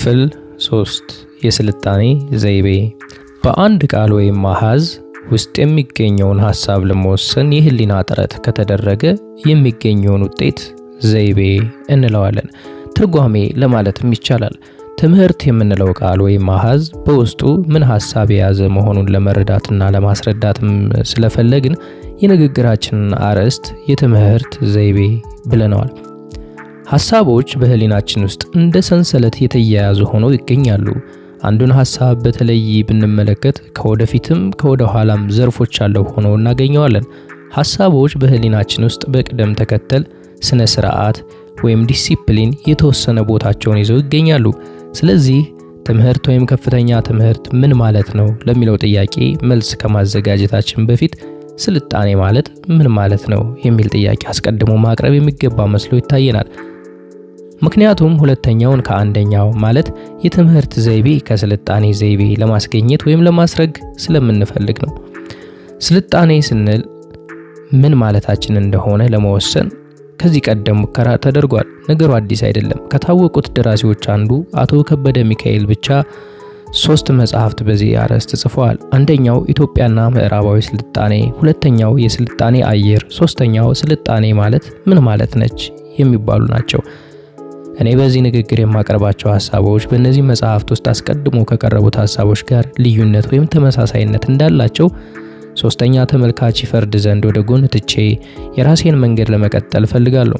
ክፍል 3 የስልጣኔ ዘይቤ በአንድ ቃል ወይም አሃዝ ውስጥ የሚገኘውን ሀሳብ ለመወሰን የህሊና ጥረት ከተደረገ የሚገኘውን ውጤት ዘይቤ እንለዋለን። ትርጓሜ ለማለትም ይቻላል። ትምህርት የምንለው ቃል ወይም አሃዝ በውስጡ ምን ሀሳብ የያዘ መሆኑን ለመረዳትና ለማስረዳትም ስለፈለግን የንግግራችንን አርዕስት የትምህርት ዘይቤ ብለነዋል። ሐሳቦች በህሊናችን ውስጥ እንደ ሰንሰለት የተያያዙ ሆነው ይገኛሉ። አንዱን ሐሳብ በተለይ ብንመለከት ከወደፊትም ከወደ ኋላም ዘርፎች አለው ሆኖ እናገኘዋለን። ሐሳቦች በህሊናችን ውስጥ በቅደም ተከተል ስነ ስርዓት ወይም ዲሲፕሊን የተወሰነ ቦታቸውን ይዘው ይገኛሉ። ስለዚህ ትምህርት ወይም ከፍተኛ ትምህርት ምን ማለት ነው ለሚለው ጥያቄ መልስ ከማዘጋጀታችን በፊት ስልጣኔ ማለት ምን ማለት ነው የሚል ጥያቄ አስቀድሞ ማቅረብ የሚገባ መስሎ ይታየናል። ምክንያቱም ሁለተኛውን ከአንደኛው ማለት የትምህርት ዘይቤ ከስልጣኔ ዘይቤ ለማስገኘት ወይም ለማስረግ ስለምንፈልግ ነው። ስልጣኔ ስንል ምን ማለታችን እንደሆነ ለመወሰን ከዚህ ቀደም ሙከራ ተደርጓል። ነገሩ አዲስ አይደለም። ከታወቁት ደራሲዎች አንዱ አቶ ከበደ ሚካኤል ብቻ ሶስት መጽሐፍት በዚህ አርዕስት ጽፈዋል። አንደኛው ኢትዮጵያና ምዕራባዊ ስልጣኔ፣ ሁለተኛው የስልጣኔ አየር፣ ሶስተኛው ስልጣኔ ማለት ምን ማለት ነች የሚባሉ ናቸው። እኔ በዚህ ንግግር የማቀርባቸው ሀሳቦች በእነዚህ መጽሐፍት ውስጥ አስቀድሞ ከቀረቡት ሀሳቦች ጋር ልዩነት ወይም ተመሳሳይነት እንዳላቸው ሶስተኛ ተመልካች ይፈርድ ዘንድ ወደ ጎን ትቼ የራሴን መንገድ ለመቀጠል እፈልጋለሁ።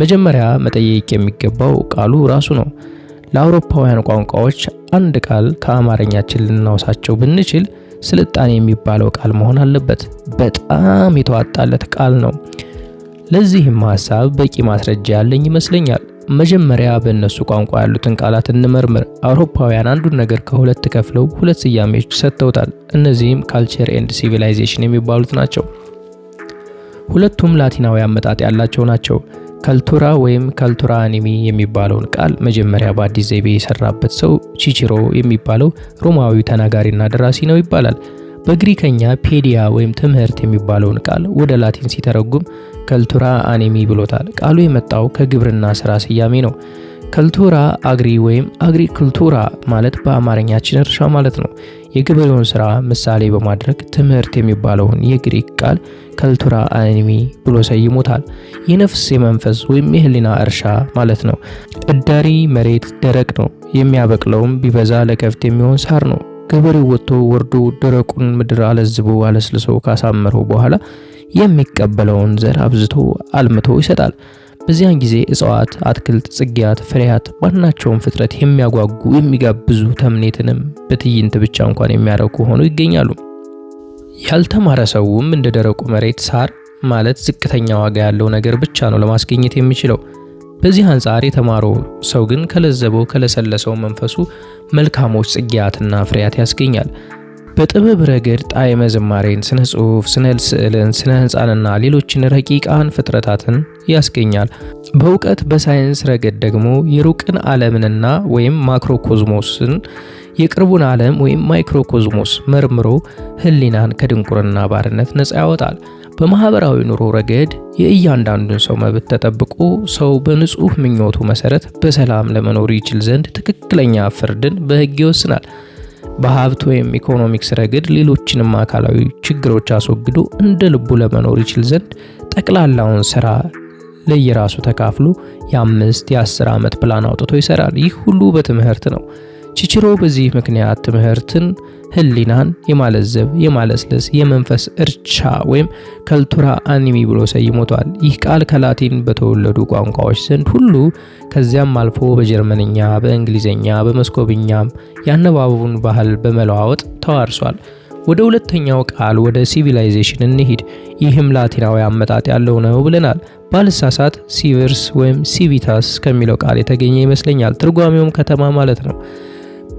መጀመሪያ መጠየቅ የሚገባው ቃሉ ራሱ ነው። ለአውሮፓውያን ቋንቋዎች አንድ ቃል ከአማርኛችን ልናውሳቸው ብንችል ስልጣኔ የሚባለው ቃል መሆን አለበት። በጣም የተዋጣለት ቃል ነው። ለዚህም ሀሳብ በቂ ማስረጃ ያለኝ ይመስለኛል። መጀመሪያ በእነሱ ቋንቋ ያሉትን ቃላት እንመርምር። አውሮፓውያን አንዱን ነገር ከሁለት ከፍለው ሁለት ስያሜዎች ሰጥተውታል። እነዚህም ካልቸር ኤንድ ሲቪላይዜሽን የሚባሉት ናቸው። ሁለቱም ላቲናዊ አመጣጥ ያላቸው ናቸው። ካልቱራ ወይም ካልቱራ አኒሚ የሚባለውን ቃል መጀመሪያ በአዲስ ዘይቤ የሰራበት ሰው ቺችሮ የሚባለው ሮማዊ ተናጋሪና ደራሲ ነው ይባላል። በግሪከኛ ፔዲያ ወይም ትምህርት የሚባለውን ቃል ወደ ላቲን ሲተረጉም ከልቱራ አኔሚ ብሎታል። ቃሉ የመጣው ከግብርና ስራ ስያሜ ነው። ከልቱራ አግሪ ወይም አግሪኩልቱራ ማለት በአማርኛችን እርሻ ማለት ነው። የገበሬውን ስራ ምሳሌ በማድረግ ትምህርት የሚባለውን የግሪክ ቃል ከልቱራ አኒሚ ብሎ ሰይሞታል። የነፍስ የመንፈስ ወይም የህሊና እርሻ ማለት ነው። እዳሪ መሬት ደረቅ ነው፣ የሚያበቅለውም ቢበዛ ለከፍት የሚሆን ሳር ነው። ገበሬው ወጥቶ ወርዶ ደረቁን ምድር አለዝቦ አለስልሶ ካሳመረው በኋላ የሚቀበለውን ዘር አብዝቶ አልምቶ ይሰጣል። በዚያን ጊዜ እጽዋት፣ አትክልት፣ ጽጌያት፣ ፍሬያት ማናቸውን ፍጥረት የሚያጓጉ የሚጋብዙ ተምኔትንም በትዕይንት ብቻ እንኳን የሚያረኩ ሆኖ ይገኛሉ። ያልተማረ ሰውም እንደ ደረቁ መሬት ሳር ማለት ዝቅተኛ ዋጋ ያለው ነገር ብቻ ነው ለማስገኘት የሚችለው። በዚህ አንጻር የተማረው ሰው ግን ከለዘበው ከለሰለሰው መንፈሱ መልካሞች ጽጌያትና ፍሬያት ያስገኛል። በጥበብ ረገድ ጣዕመ ዝማሬን፣ ስነ ጽሑፍ፣ ስነ ስዕልን፣ ስነ ህንፃንና ሌሎችን ረቂቃን ፍጥረታትን ያስገኛል። በእውቀት በሳይንስ ረገድ ደግሞ የሩቅን ዓለምንና ወይም ማክሮኮዝሞስን የቅርቡን ዓለም ወይም ማይክሮኮዝሞስ መርምሮ ህሊናን ከድንቁርና ባርነት ነፃ ያወጣል። በማህበራዊ ኑሮ ረገድ የእያንዳንዱን ሰው መብት ተጠብቆ ሰው በንጹህ ምኞቱ መሰረት በሰላም ለመኖር ይችል ዘንድ ትክክለኛ ፍርድን በሕግ ይወስናል። በሀብት ወይም ኢኮኖሚክስ ረገድ ሌሎችንም አካላዊ ችግሮች አስወግዶ እንደ ልቡ ለመኖር ይችል ዘንድ ጠቅላላውን ስራ ለየራሱ ተካፍሎ የአምስት የአስር ዓመት ፕላን አውጥቶ ይሰራል። ይህ ሁሉ በትምህርት ነው። ችችሮ በዚህ ምክንያት ትምህርትን፣ ህሊናን የማለዘብ የማለስለስ የመንፈስ እርቻ ወይም ከልቱራ አኒሚ ብሎ ሰይሞቷል። ይህ ቃል ከላቲን በተወለዱ ቋንቋዎች ዘንድ ሁሉ ከዚያም አልፎ በጀርመንኛ፣ በእንግሊዝኛ፣ በመስኮብኛም የአነባበቡን ባህል በመለዋወጥ ተዋርሷል። ወደ ሁለተኛው ቃል ወደ ሲቪላይዜሽን እንሂድ። ይህም ላቲናዊ አመጣጥ ያለው ነው ብለናል። ባልሳሳት ሲቨርስ ወይም ሲቪታስ ከሚለው ቃል የተገኘ ይመስለኛል። ትርጓሜውም ከተማ ማለት ነው።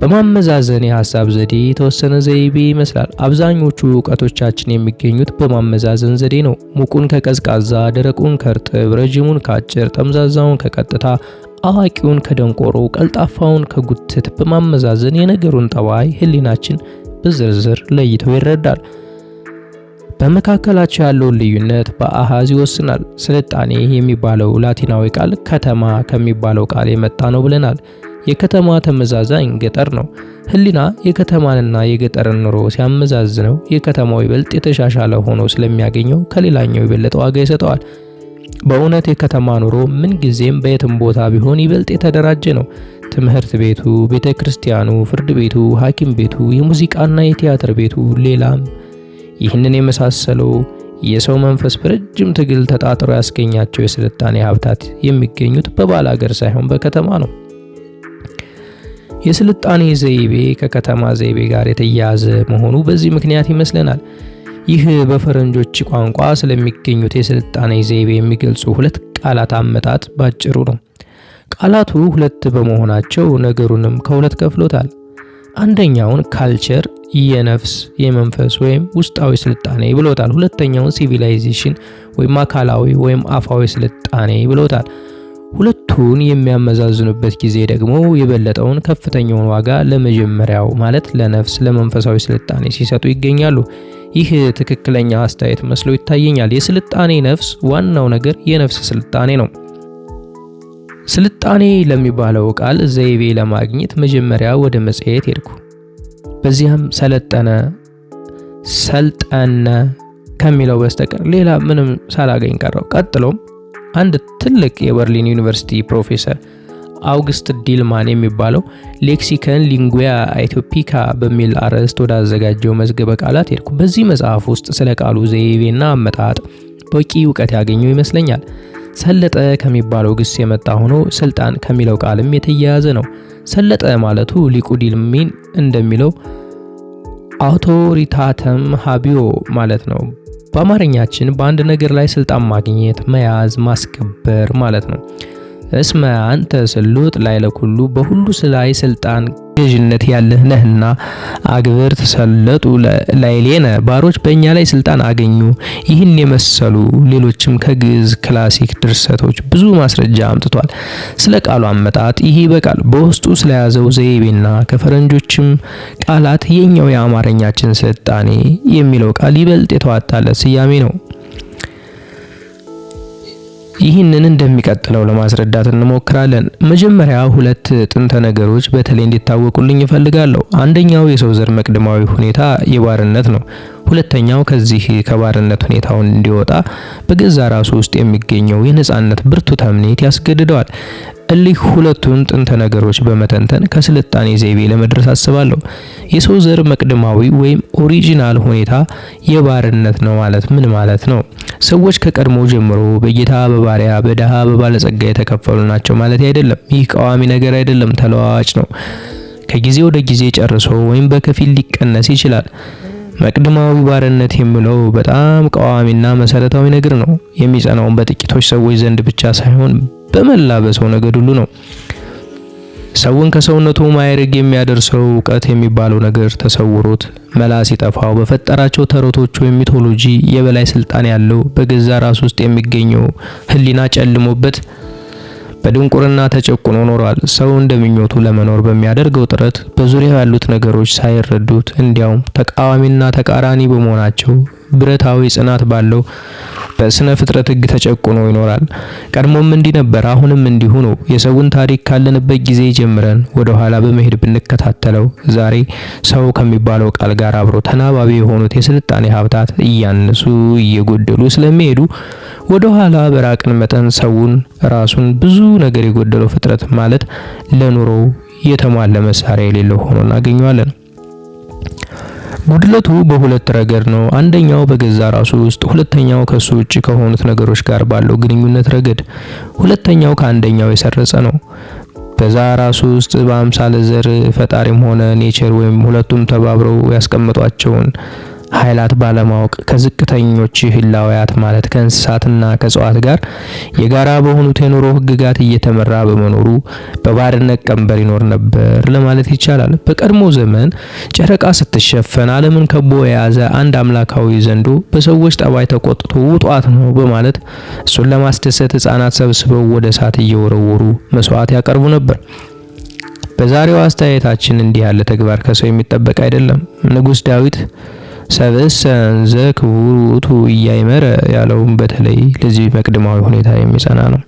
በማመዛዘን የሀሳብ ዘዴ የተወሰነ ዘይቤ ይመስላል። አብዛኞቹ እውቀቶቻችን የሚገኙት በማመዛዘን ዘዴ ነው። ሙቁን ከቀዝቃዛ፣ ደረቁን ከእርጥብ፣ ረዥሙን ከአጭር፣ ጠምዛዛውን ከቀጥታ አዋቂውን ከደንቆሮ ቀልጣፋውን ከጉትት በማመዛዘን የነገሩን ጠባይ ህሊናችን በዝርዝር ለይተው ይረዳል። በመካከላቸው ያለውን ልዩነት በአሃዝ ይወስናል። ስልጣኔ የሚባለው ላቲናዊ ቃል ከተማ ከሚባለው ቃል የመጣ ነው ብለናል። የከተማ ተመዛዛኝ ገጠር ነው። ህሊና የከተማንና የገጠርን ኑሮ ሲያመዛዝነው የከተማው ይበልጥ የተሻሻለ ሆኖ ስለሚያገኘው ከሌላኛው የበለጠ ዋጋ ይሰጠዋል። በእውነት የከተማ ኑሮ ምን ጊዜም በየትም ቦታ ቢሆን ይበልጥ የተደራጀ ነው። ትምህርት ቤቱ፣ ቤተ ክርስቲያኑ፣ ፍርድ ቤቱ፣ ሐኪም ቤቱ፣ የሙዚቃና የቲያትር ቤቱ፣ ሌላም ይህንን የመሳሰለው የሰው መንፈስ በረጅም ትግል ተጣጥሮ ያስገኛቸው የስልጣኔ ሀብታት የሚገኙት በባላገር ሳይሆን በከተማ ነው። የስልጣኔ ዘይቤ ከከተማ ዘይቤ ጋር የተያያዘ መሆኑ በዚህ ምክንያት ይመስለናል። ይህ በፈረንጆች ቋንቋ ስለሚገኙት የስልጣኔ ዘይቤ የሚገልጹ ሁለት ቃላት አመጣጥ ባጭሩ ነው። ቃላቱ ሁለት በመሆናቸው ነገሩንም ከሁለት ከፍሎታል። አንደኛውን ካልቸር የነፍስ የመንፈስ ወይም ውስጣዊ ስልጣኔ ብሎታል። ሁለተኛውን ሲቪላይዜሽን ወይም አካላዊ ወይም አፋዊ ስልጣኔ ብሎታል። ሁለቱን የሚያመዛዝኑበት ጊዜ ደግሞ የበለጠውን ከፍተኛውን ዋጋ ለመጀመሪያው ማለት ለነፍስ ለመንፈሳዊ ስልጣኔ ሲሰጡ ይገኛሉ። ይህ ትክክለኛ አስተያየት መስሎ ይታየኛል። የስልጣኔ ነፍስ ዋናው ነገር የነፍስ ስልጣኔ ነው። ስልጣኔ ለሚባለው ቃል ዘይቤ ለማግኘት መጀመሪያ ወደ መጽሔት ሄድኩ። በዚያም ሰለጠነ ሰልጠነ ከሚለው በስተቀር ሌላ ምንም ሳላገኝ ቀረው። ቀጥሎም አንድ ትልቅ የበርሊን ዩኒቨርሲቲ ፕሮፌሰር አውግስት ዲልማን የሚባለው ሌክሲከን ሊንጉያ ኢትዮፒካ በሚል አርዕስት ወዳዘጋጀው መዝገበ ቃላት ሄድኩ። በዚህ መጽሐፍ ውስጥ ስለ ቃሉ ዘይቤና አመጣጥ በቂ እውቀት ያገኙ ይመስለኛል። ሰለጠ ከሚባለው ግስ የመጣ ሆኖ ስልጣን ከሚለው ቃልም የተያያዘ ነው። ሰለጠ ማለቱ ሊቁ ዲልሚን እንደሚለው አውቶሪታተም ሀቢዮ ማለት ነው። በአማርኛችን በአንድ ነገር ላይ ስልጣን ማግኘት፣ መያዝ፣ ማስከበር ማለት ነው። እስመ አንተ ስሉጥ ላዕለ ኩሉ፣ በሁሉ ላይ ስልጣን ገዥነት ያለህ ነህና አግብር ተሰለጡ ላይሌነ ባሮች በእኛ ላይ ስልጣን አገኙ። ይህን የመሰሉ ሌሎችም ከግዕዝ ክላሲክ ድርሰቶች ብዙ ማስረጃ አምጥቷል። ስለ ቃሉ አመጣጥ ይህ በቃል በውስጡ ስለያዘው ዘይቤና ከፈረንጆችም ቃላት የኛው የአማርኛችን ስልጣኔ የሚለው ቃል ይበልጥ የተዋጣለት ስያሜ ነው። ይህንን እንደሚቀጥለው ለማስረዳት እንሞክራለን። መጀመሪያ ሁለት ጥንተ ነገሮች በተለይ እንዲታወቁልኝ ይፈልጋለሁ። አንደኛው የሰው ዘር መቅደማዊ ሁኔታ የባርነት ነው። ሁለተኛው ከዚህ ከባርነት ሁኔታው እንዲወጣ በገዛ ራሱ ውስጥ የሚገኘው የነጻነት ብርቱ ተምኔት ያስገድደዋል። እሊህ ሁለቱን ጥንተ ነገሮች በመተንተን ከስልጣኔ ዘይቤ ለመድረስ አስባለሁ። የሰው ዘር መቅደማዊ ወይም ኦሪጂናል ሁኔታ የባርነት ነው ማለት ምን ማለት ነው? ሰዎች ከቀድሞ ጀምሮ በጌታ በባሪያ በድሃ በባለጸጋ የተከፈሉ ናቸው ማለት አይደለም። ይህ ቃዋሚ ነገር አይደለም፣ ተለዋዋጭ ነው። ከጊዜ ወደ ጊዜ ጨርሶ ወይም በከፊል ሊቀነስ ይችላል። መቅድማዊ ባርነት የሚለው በጣም ቋሚና መሰረታዊ ነገር ነው። የሚጸናውን በጥቂቶች ሰዎች ዘንድ ብቻ ሳይሆን በመላ በሰው ነገድ ሁሉ ነው። ሰውን ከሰውነቱ ማይረግ የሚያደርሰው እውቀት የሚባለው ነገር ተሰውሮት መላ ሲጠፋው በፈጠራቸው ተረቶች ወይም ሚቶሎጂ የበላይ ስልጣን ያለው በገዛ ራስ ውስጥ የሚገኘው ህሊና ጨልሞበት በድንቁርና ተጨቁኖ ኖሯል። ሰው እንደምኞቱ ለመኖር በሚያደርገው ጥረት በዙሪያው ያሉት ነገሮች ሳይረዱት እንዲያውም ተቃዋሚና ተቃራኒ በመሆናቸው ብረታዊ ጽናት ባለው በስነ ፍጥረት ህግ ተጨቁኖ ይኖራል። ቀድሞም እንዲህ ነበር፣ አሁንም እንዲሁ ነው። የሰውን ታሪክ ካለንበት ጊዜ ጀምረን ወደ ኋላ በመሄድ ብንከታተለው ዛሬ ሰው ከሚባለው ቃል ጋር አብሮ ተናባቢ የሆኑት የስልጣኔ ሀብታት እያነሱ እየጎደሉ ስለሚሄዱ ወደ ኋላ በራቅን መጠን ሰውን ራሱን ብዙ ነገር የጎደለው ፍጥረት ማለት ለኑሮው የተሟለ መሳሪያ የሌለው ሆኖ እናገኘዋለን። ጉድለቱ በሁለት ረገድ ነው። አንደኛው በገዛ ራሱ ውስጥ፣ ሁለተኛው ከሱ ውጭ ከሆኑት ነገሮች ጋር ባለው ግንኙነት ረገድ። ሁለተኛው ከአንደኛው የሰረጸ ነው። በዛ ራሱ ውስጥ በአምሳለ ዘር ፈጣሪም ሆነ ኔቸር ወይም ሁለቱም ተባብረው ያስቀመጧቸውን ኃይላት ባለማወቅ ከዝቅተኞች ህላውያት ማለት ከእንስሳትና ከእጽዋት ጋር የጋራ በሆኑት የኑሮ ህግጋት እየተመራ በመኖሩ በባርነት ቀንበር ይኖር ነበር ለማለት ይቻላል። በቀድሞ ዘመን ጨረቃ ስትሸፈን ዓለምን ከቦ የያዘ አንድ አምላካዊ ዘንዶ በሰዎች ጠባይ ተቆጥቶ ውጧት ነው በማለት እሱን ለማስደሰት ህጻናት ሰብስበው ወደ እሳት እየወረወሩ መስዋዕት ያቀርቡ ነበር። በዛሬው አስተያየታችን እንዲህ ያለ ተግባር ከሰው የሚጠበቅ አይደለም። ንጉስ ዳዊት ሰብእሰ እንዘ ክቡር ውእቱ ያለውም በተለይ ለዚህ መቅድማዊ ሁኔታ የሚጸና ነው።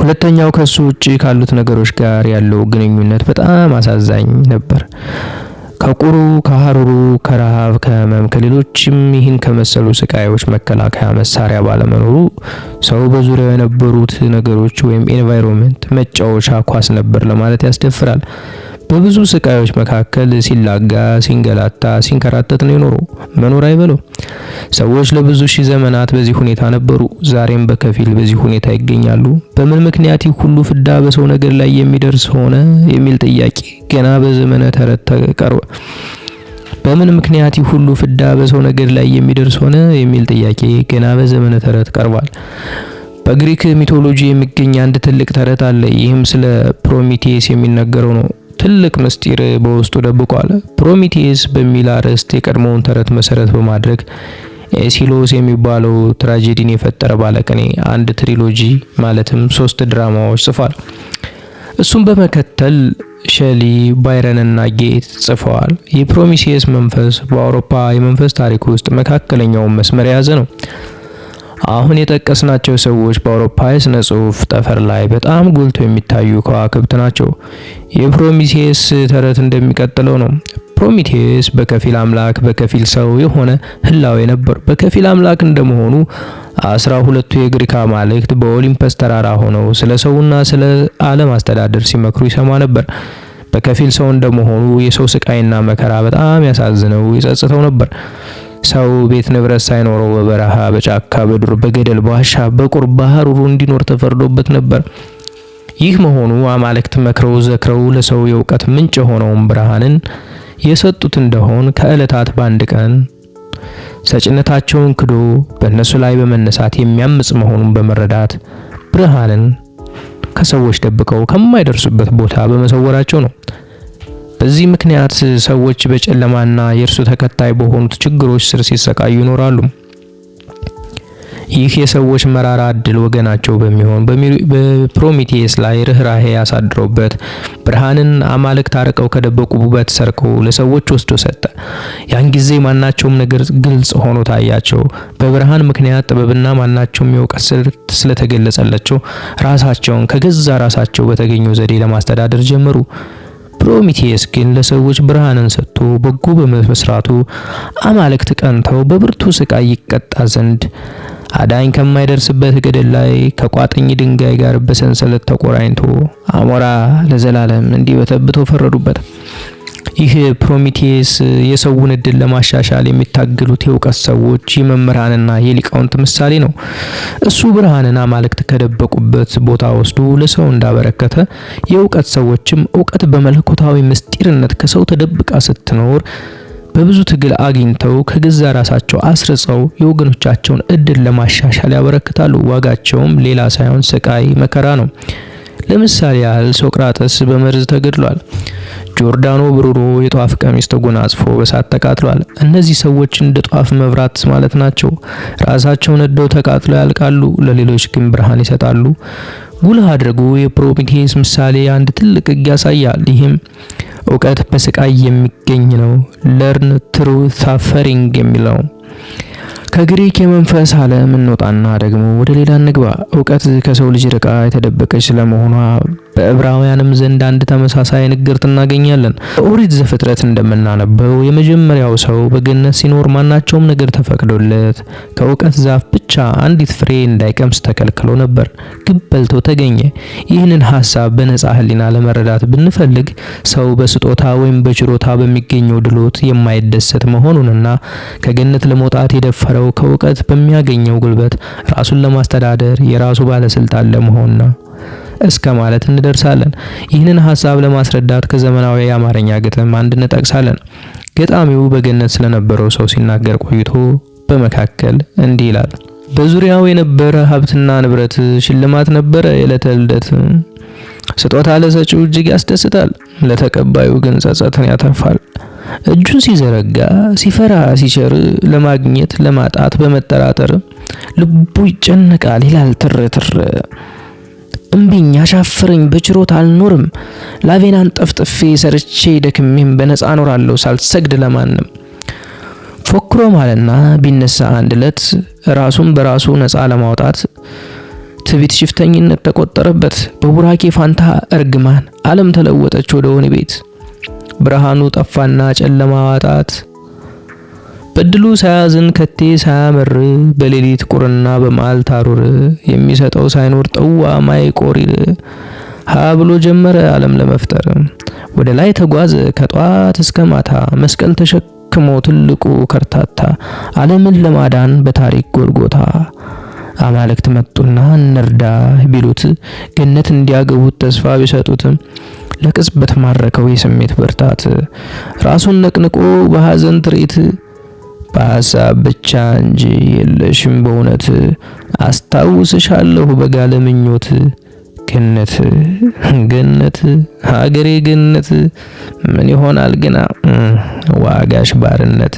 ሁለተኛው ከሱ ውጭ ካሉት ነገሮች ጋር ያለው ግንኙነት በጣም አሳዛኝ ነበር። ከቁሩ፣ ከሀሩሩ፣ ከረሃብ፣ ከህመም፣ ከሌሎችም ይህን ከመሰሉ ስቃዮች መከላከያ መሳሪያ ባለመኖሩ ሰው በዙሪያው የነበሩት ነገሮች ወይም ኤንቫይሮንመንት መጫወቻ ኳስ ነበር ለማለት ያስደፍራል። በብዙ ስቃዮች መካከል ሲላጋ፣ ሲንገላታ፣ ሲንከራተት ነው የኖረው። መኖር አይበለው። ሰዎች ለብዙ ሺህ ዘመናት በዚህ ሁኔታ ነበሩ። ዛሬም በከፊል በዚህ ሁኔታ ይገኛሉ። በምን ምክንያት ይህ ሁሉ ፍዳ በሰው ነገር ላይ የሚደርስ ሆነ የሚል ጥያቄ ገና በዘመነ ተረት ተቀርበ በምን ምክንያት ይህ ሁሉ ፍዳ በሰው ነገር ላይ የሚደርስ ሆነ የሚል ጥያቄ ገና በዘመነ ተረት ቀርቧል። በግሪክ ሚቶሎጂ የሚገኝ አንድ ትልቅ ተረት አለ። ይህም ስለ ፕሮሚቴስ የሚነገረው ነው። ትልቅ ምስጢር በውስጡ ደብቋል። ፕሮሚቴስ በሚል አርዕስት የቀድሞውን ተረት መሰረት በማድረግ ኤሲሎስ የሚባለው ትራጀዲን የፈጠረ ባለቅኔ አንድ ትሪሎጂ ማለትም ሶስት ድራማዎች ጽፏል። እሱም በመከተል ሸሊ ባይረንና ጌት ጽፈዋል። የፕሮሚሴስ መንፈስ በአውሮፓ የመንፈስ ታሪክ ውስጥ መካከለኛውን መስመር የያዘ ነው። አሁን የጠቀስናቸው ሰዎች በአውሮፓ የስነ ጽሁፍ ጠፈር ላይ በጣም ጎልተው የሚታዩ ከዋክብት ናቸው። የፕሮሚቴስ ተረት እንደሚቀጥለው ነው። ፕሮሚቴስ በከፊል አምላክ በከፊል ሰው የሆነ ህላዌ ነበር። በከፊል አምላክ እንደመሆኑ አስራ ሁለቱ የግሪክ አማልክት በኦሊምፐስ ተራራ ሆነው ስለ ሰውና ስለ ዓለም አስተዳደር ሲመክሩ ይሰማ ነበር። በከፊል ሰው እንደመሆኑ የሰው ስቃይና መከራ በጣም ያሳዝነው ይጸጽተው ነበር። ሰው ቤት ንብረት ሳይኖረው በበረሃ፣ በጫካ፣ በዱር፣ በገደል፣ በዋሻ፣ በቁር ባህር እንዲኖር ተፈርዶበት ነበር። ይህ መሆኑ አማልክት መክረው ዘክረው ለሰው የእውቀት ምንጭ የሆነውን ብርሃንን የሰጡት እንደሆን ከእለታት በአንድ ቀን ሰጭነታቸውን ክዶ በእነሱ ላይ በመነሳት የሚያምጽ መሆኑን በመረዳት ብርሃንን ከሰዎች ደብቀው ከማይደርሱበት ቦታ በመሰወራቸው ነው። በዚህ ምክንያት ሰዎች በጨለማና የእርሱ ተከታይ በሆኑት ችግሮች ስር ሲሰቃዩ ይኖራሉ። ይህ የሰዎች መራራ እድል ወገናቸው በሚሆን በፕሮሚቴስ ላይ ርኅራሄ ያሳድረውበት ብርሃንን አማልክት አርቀው ከደበቁበት ሰርቆ ለሰዎች ወስዶ ሰጠ። ያን ጊዜ ማናቸውም ነገር ግልጽ ሆኖ ታያቸው። በብርሃን ምክንያት ጥበብና ማናቸውም የእውቀት ስልት ስለተገለጸላቸው ራሳቸውን ከገዛ ራሳቸው በተገኘው ዘዴ ለማስተዳደር ጀመሩ። ፕሮሚቴስ ግን ለሰዎች ብርሃንን ሰጥቶ በጎ በመስራቱ አማልክት ቀንተው በብርቱ ስቃይ ይቀጣ ዘንድ አዳኝ ከማይደርስበት ገደል ላይ ከቋጥኝ ድንጋይ ጋር በሰንሰለት ተቆራኝቶ አሞራ ለዘላለም እንዲበተብተው ፈረዱበት። ይህ ፕሮሚቴስ የሰውን እድል ለማሻሻል የሚታገሉት የእውቀት ሰዎች የመምህራንና የሊቃውንት ምሳሌ ነው። እሱ ብርሃንና ማልክት ከደበቁበት ቦታ ወስዶ ለሰው እንዳበረከተ የእውቀት ሰዎችም እውቀት በመለኮታዊ ምስጢርነት ከሰው ተደብቃ ስትኖር በብዙ ትግል አግኝተው ከገዛ ራሳቸው አስርጸው የወገኖቻቸውን እድል ለማሻሻል ያበረክታሉ። ዋጋቸውም ሌላ ሳይሆን ስቃይ፣ መከራ ነው። ለምሳሌ ያህል ሶቅራጠስ በመርዝ ተገድሏል። ጆርዳኖ ብሩሮ የጧፍ ቀሚስ ተጎናጽፎ በሳት ተቃጥሏል። እነዚህ ሰዎች እንደ ጧፍ መብራት ማለት ናቸው። ራሳቸው ነደው ተቃጥለው ያልቃሉ፣ ለሌሎች ግን ብርሃን ይሰጣሉ። ጉልህ አድርጎ የፕሮሚቴስ ምሳሌ አንድ ትልቅ ሕግ ያሳያል። ይህም እውቀት በስቃይ የሚገኝ ነው። ለርን ትሩ ሳፈሪንግ የሚለው ከግሪክ የመንፈስ ዓለም እንወጣና ደግሞ ወደ ሌላ እንግባ። እውቀት ከሰው ልጅ ርቃ የተደበቀች ስለመሆኗ በዕብራውያንም ዘንድ አንድ ተመሳሳይ ንግርት እናገኛለን። ኦሪት ዘፍጥረት እንደምናነበው የመጀመሪያው ሰው በገነት ሲኖር ማናቸውም ነገር ተፈቅዶለት ከእውቀት ዛፍ ብቻ አንዲት ፍሬ እንዳይቀምስ ተከልክሎ ነበር፣ ግን በልቶ ተገኘ። ይህንን ሀሳብ በነጻ ህሊና ለመረዳት ብንፈልግ ሰው በስጦታ ወይም በችሮታ በሚገኘው ድሎት የማይደሰት መሆኑንና ከገነት ለመውጣት የደፈረው ከእውቀት በሚያገኘው ጉልበት ራሱን ለማስተዳደር የራሱ ባለስልጣን ለመሆን ነው። እስከ ማለት እንደርሳለን። ይህንን ሀሳብ ለማስረዳት ከዘመናዊ የአማርኛ ግጥም አንድ እንጠቅሳለን። ገጣሚው በገነት ስለነበረው ሰው ሲናገር ቆይቶ በመካከል እንዲህ ይላል። በዙሪያው የነበረ ሀብትና ንብረት ሽልማት ነበረ የዕለተ ልደት። ስጦታ ለሰጪው እጅግ ያስደስታል፣ ለተቀባዩ ግን ጸጸትን ያተርፋል። እጁን ሲዘረጋ ሲፈራ ሲቸር፣ ለማግኘት ለማጣት በመጠራጠር ልቡ ይጨነቃል ይላል ትርትር እምቢኝ አሻፍረኝ፣ በችሮት አልኖርም። ላቬናን ጠፍጥፌ ሰርቼ ደክሜም በነፃ እኖራለሁ ሳልሰግድ ለማንም ፎክሮ ማለና ቢነሳ አንድ እለት ራሱን በራሱ ነፃ ለማውጣት ትቢት ሽፍተኝነት ተቆጠረበት። በቡራኬ ፋንታ እርግማን ዓለም ተለወጠች ወደ ወህኒ ቤት። ብርሃኑ ጠፋና ጨለማ ዋጣት። በድሉ ሳያዝን ከቴ ሳያመር በሌሊት ቁርና በመዓልት ታሩር የሚሰጠው ሳይኖር ጠዋ ማይ ሀ ብሎ ጀመረ ዓለም ለመፍጠር ወደ ላይ ተጓዘ ከጧት እስከ ማታ መስቀል ተሸክሞ ትልቁ ከርታታ ዓለምን ለማዳን በታሪክ ጎልጎታ አማልክት መጡና እንርዳ ቢሉት ገነት እንዲያገቡት ተስፋ ቢሰጡት ለቅጽበት ማረከው የስሜት ብርታት ራሱን ነቅንቆ በሀዘን ትርኢት በሀሳብ ብቻ እንጂ የለሽም በእውነት አስታውስሻለሁ በጋለ ምኞት ገነት ገነት ሀገሬ ገነት ምን ይሆናል ግና ዋጋሽ ባርነት።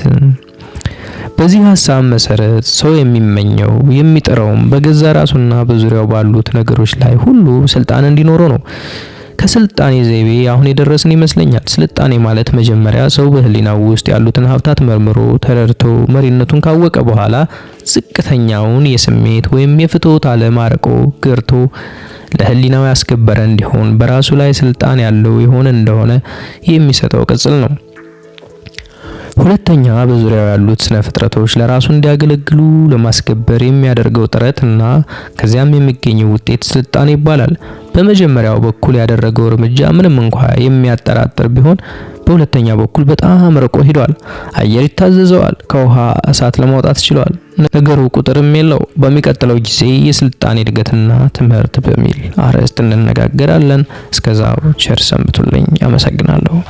በዚህ ሀሳብ መሰረት ሰው የሚመኘው የሚጠራውም በገዛ ራሱና በዙሪያው ባሉት ነገሮች ላይ ሁሉ ስልጣን እንዲኖረው ነው። ከስልጣኔ ዘይቤ አሁን የደረስን ይመስለኛል። ስልጣኔ ማለት መጀመሪያ ሰው በህሊናው ውስጥ ያሉትን ሀብታት መርምሮ ተረድቶ መሪነቱን ካወቀ በኋላ ዝቅተኛውን የስሜት ወይም የፍትወት ዓለም አርቆ ገርቶ ለህሊናው ያስከበረ እንዲሆን በራሱ ላይ ስልጣን ያለው የሆነ እንደሆነ የሚሰጠው ቅጽል ነው። ሁለተኛ በዙሪያው ያሉት ስነ ፍጥረቶች ለራሱ እንዲያገለግሉ ለማስከበር የሚያደርገው ጥረት እና ከዚያም የሚገኘው ውጤት ስልጣን ይባላል። በመጀመሪያው በኩል ያደረገው እርምጃ ምንም እንኳ የሚያጠራጥር ቢሆን በሁለተኛ በኩል በጣም ርቆ ሂዷል። አየር ይታዘዘዋል። ከውሃ እሳት ለማውጣት ችሏል። ነገሩ ቁጥርም የለው። በሚቀጥለው ጊዜ የስልጣኔ እድገትና ትምህርት በሚል አርዕስት እንነጋገራለን። እስከዛው ቸር ሰንብቱልኝ። አመሰግናለሁ።